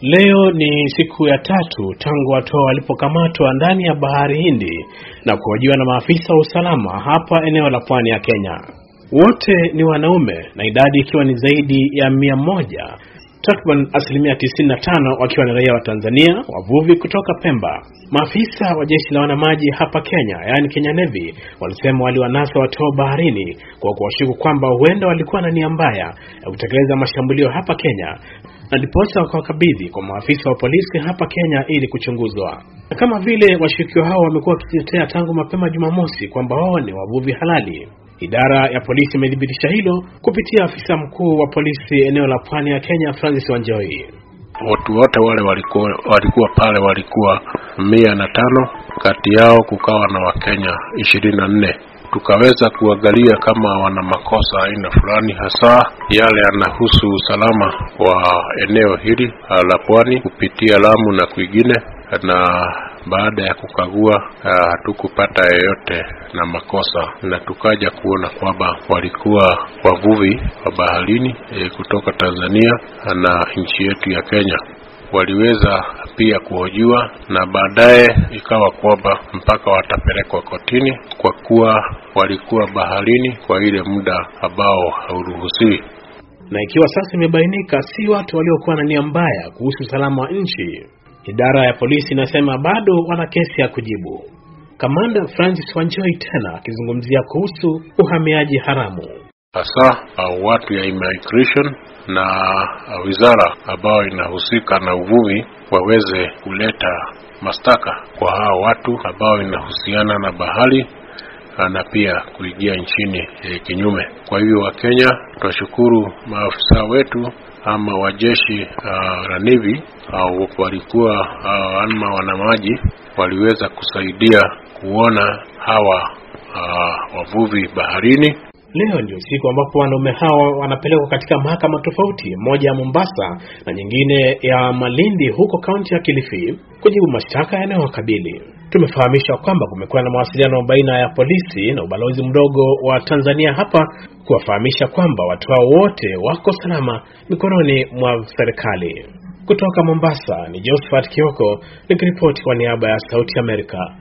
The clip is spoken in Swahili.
Leo ni siku ya tatu tangu watu hao walipokamatwa ndani ya bahari Hindi na kuhojiwa na maafisa wa usalama hapa eneo la pwani ya Kenya. Wote ni wanaume na idadi ikiwa ni zaidi ya mia moja, takriban asilimia 95 wakiwa ni raia wa Tanzania, wavuvi kutoka Pemba. Maafisa wa jeshi la wanamaji hapa Kenya, yaani Kenya Navy, walisema waliwanasa watu hao baharini kwa kuwashuku kwamba huenda walikuwa na nia mbaya ya kutekeleza mashambulio hapa Kenya na ndiposa wakawakabidhi kwa maafisa wa polisi hapa Kenya ili kuchunguzwa. Na kama vile washukiwa hao wamekuwa wakitetea tangu mapema Jumamosi kwamba wao ni wavuvi halali, idara ya polisi imethibitisha hilo kupitia afisa mkuu wa polisi eneo la pwani ya Kenya, Francis Wanjoi. Watu wote wale walikuwa walikuwa pale walikuwa mia na tano, kati yao kukawa na Wakenya ishirini na nne tukaweza kuangalia kama wana makosa aina fulani, hasa yale yanahusu usalama wa eneo hili la pwani kupitia Lamu na kwingine na baada ya kukagua ah, hatukupata yeyote na makosa, na tukaja kuona kwamba walikuwa wavuvi wa baharini e, kutoka Tanzania na nchi yetu ya Kenya waliweza pia kuhojiwa, na baadaye ikawa kwamba mpaka watapelekwa kotini kwa kuwa walikuwa baharini kwa ile muda ambao hauruhusiwi. Na ikiwa sasa imebainika si watu waliokuwa na nia mbaya kuhusu usalama wa nchi, idara ya polisi inasema bado wana kesi ya kujibu. Kamanda Francis Wanjoi tena akizungumzia kuhusu uhamiaji haramu hasa uh, watu ya immigration na uh, wizara ambayo inahusika na uvuvi waweze kuleta mastaka kwa hao watu ambao inahusiana na bahari uh, na pia kuingia nchini eh, kinyume. Kwa hivyo Wakenya, tunashukuru maafisa wetu ama wajeshi la Navy walikuwa ama wanamaji waliweza kusaidia kuona hawa uh, wavuvi baharini Leo ndio siku ambapo wanaume hawa wanapelekwa katika mahakama tofauti, moja ya Mombasa na nyingine ya Malindi huko kaunti ya Kilifi kujibu mashtaka yanayowakabili. Tumefahamishwa kwamba kumekuwa na mawasiliano baina ya polisi na ubalozi mdogo wa Tanzania hapa kuwafahamisha kwamba watu hao wote wako salama mikononi mwa serikali. Kutoka Mombasa ni Josephat Kioko nikiripoti kwa niaba ya Sauti Amerika.